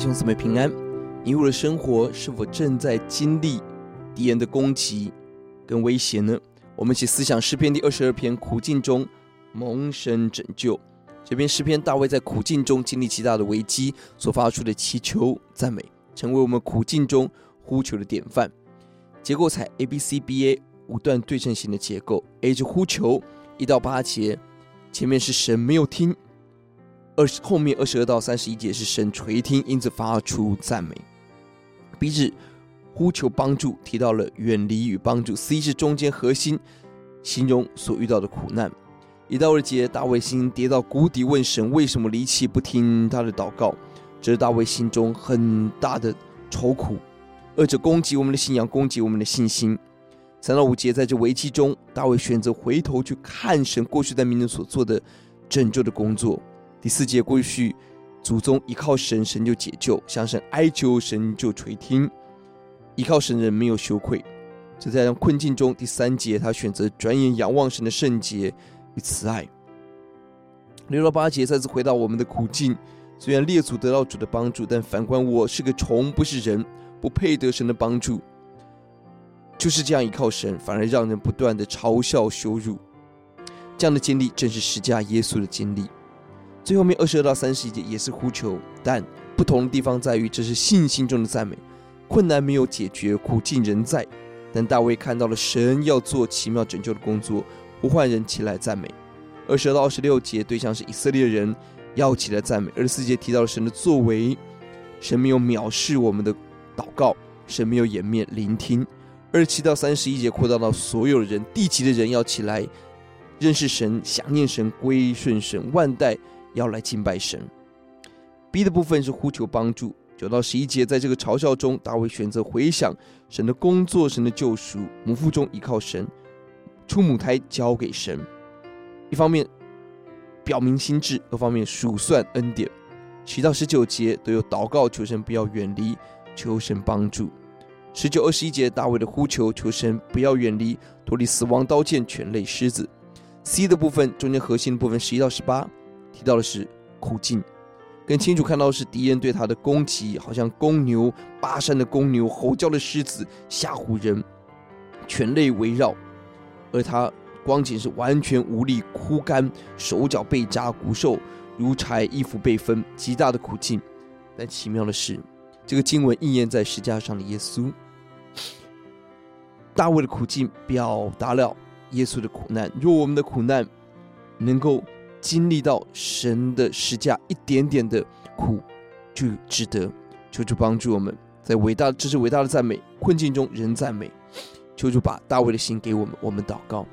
弟兄姊妹平安，你們的生活是否正在經歷敵人的攻擊跟威脅呢？我們一起思想詩篇第二十二篇《苦境中蒙神拯救》這篇詩篇，大衛在苦境中經歷極大的危機，所發出的祈求讚美，成為我們苦境中呼求的典範。結構採 A B C B A 五段對稱型的結構，A 是呼求，一到八節前面是神沒有聽。二後面二十二到三十一節是神垂聽，因此發出讚美；B 是呼求幫助，提到了遠離與幫助；C 是中間核心，形容所遇到的苦難。一到二節，大衛信心跌到谷底，問神為什麼離棄不聽他的禱告，這是大衛心中很大的愁苦。惡者攻擊我們的信仰，攻擊我們的信心。三到五節，在這危機中，大衛選擇回頭去看神過去在民中所做的拯救的工作。第四節，過去祖宗依靠神，神就解救；向神哀求，神就垂聽。依靠神人沒有羞愧，就在困境中。第三節，他選擇轉眼仰望神的聖潔與慈愛。六到八節再次回到我們的苦境，雖然列祖得到主的幫助，但反觀我是個蟲，不是人，不配得神的幫助。就是這樣依靠神，反而讓人不斷的嘲笑羞辱。這樣的經歷正是十架耶穌的經歷。最後面二十二到三十一節也是呼求，但不同的地方在於這是信心中的讚美。困難沒有解決，苦境仍在，但大衛看到了神要做奇妙拯救的工作，呼喚人起來讚美。二十二到二十六節對象是以色列人，要起來讚美。二十四節提到了神的作為，神沒有藐視我們的禱告，神沒有掩面聆聽。二十七到三十一節擴大到所有的人，地極的人要起來認識神、想念神、歸順神，萬代。要來敬拜神。B 的部分是呼求幫助，九到十一節在這個嘲笑中，大衛選擇回想神的工作、神的救贖，母腹中依靠神，出母胎交給神。一方面表明心志，另一方面數算恩典。十一到十九節都有禱告求神不要遠離，求神幫助。十九、二十一節大衛的呼求，求神不要遠離，脫離死亡、刀劍、犬類、獅子。C 的部分中間核心的部分十一到十八。提到的是苦境，更清楚看到的是敵人對他的攻擊，好像公牛、巴珊的公牛、吼叫的獅子嚇唬人，犬類圍繞，而他光景是完全無力枯乾，手腳被扎、骨瘦如柴、衣服被分，極大的苦境。但奇妙的是，這個經文應驗在十架上的耶穌，大衛的苦境表達了耶穌的苦難。若我們的苦難能夠。經歷到神的施加一點點的苦，就值得。求主幫助我們在偉大，這是偉大的讚美。困境中仍讚美，求主把大衛的心給我們。我們禱告，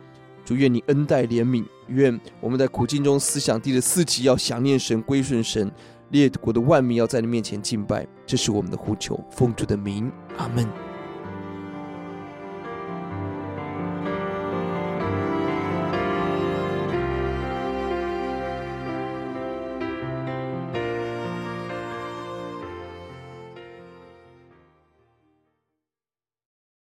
主願你恩待憐憫，願我們在苦境中思想地的四極，要想念神，歸順神。列國的萬民要在你面前敬拜，這是我們的呼求。奉主的名，阿門。